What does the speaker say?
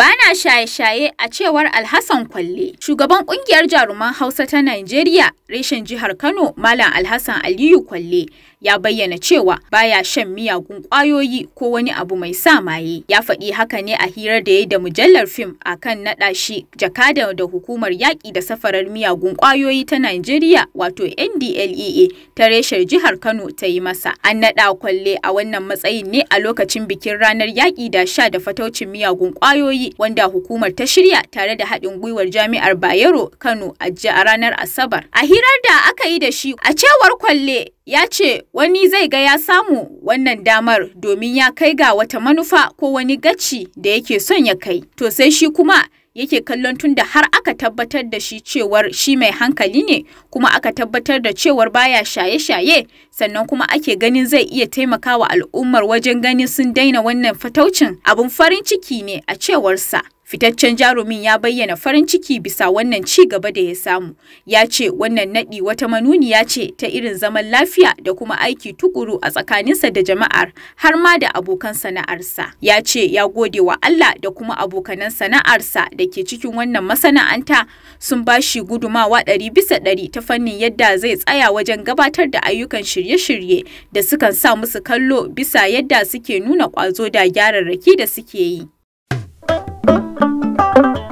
Bana shaye-shaye a cewar Alhassan Kwalle, shugaban kungiyar jaruman Hausa ta nigeria reshen jihar Kano, Malam Alhassan Aliyu Kwalle, ya bayyana cewa baya shan miyagun kwayoyi ko wani abu mai sa maye. Ya faɗi haka ne a hirar da ya da mujallar fim akan naɗa shi jakada da hukumar yaƙi da safarar miyagun kwayoyi ta nigeria wato NDLEA ta reshen jihar Kano ta yi masa. An naɗa Kwalle a wannan matsayin ne a lokacin bikin ranar yaƙi da sha da fataucin miyagun kwayoyi wanda hukumar ta shirya tare da haɗin gwiwar Jami'ar Bayero Kano a ranar Asabar. A hirar da aka yi da shi a cewar kwalle ya ce wani zai ga ya samu wannan damar domin ya kai ga wata manufa ko wani gaci da yake son ya kai. To sai shi kuma yake kallon tunda har aka tabbatar da shi cewar shi mai hankali ne kuma aka tabbatar da cewar baya shaye-shaye sannan kuma ake ganin zai iya taimakawa al'ummar wajen ganin sun daina wannan fataucin abin farin ciki ne a cewarsa. Fitaccen jarumin ya bayyana farin ciki bisa wannan ci gaba da ya samu. Ya ce wannan naɗi wata manuniya ce ta irin zaman lafiya da kuma aiki tukuru a tsakaninsa da jama'ar har ma da abokan sana'arsa. Ya ce ya gode wa Allah da kuma abokanan sana'arsa da ke cikin wannan masana'anta sun ba shi gudumawa ɗari bisa ɗari ta fannin yadda zai tsaya wajen gabatar da ayyukan shirye-shirye da sukan sa musu kallo bisa yadda suke nuna ƙwazo da gyararraki da suke yi. Thank you.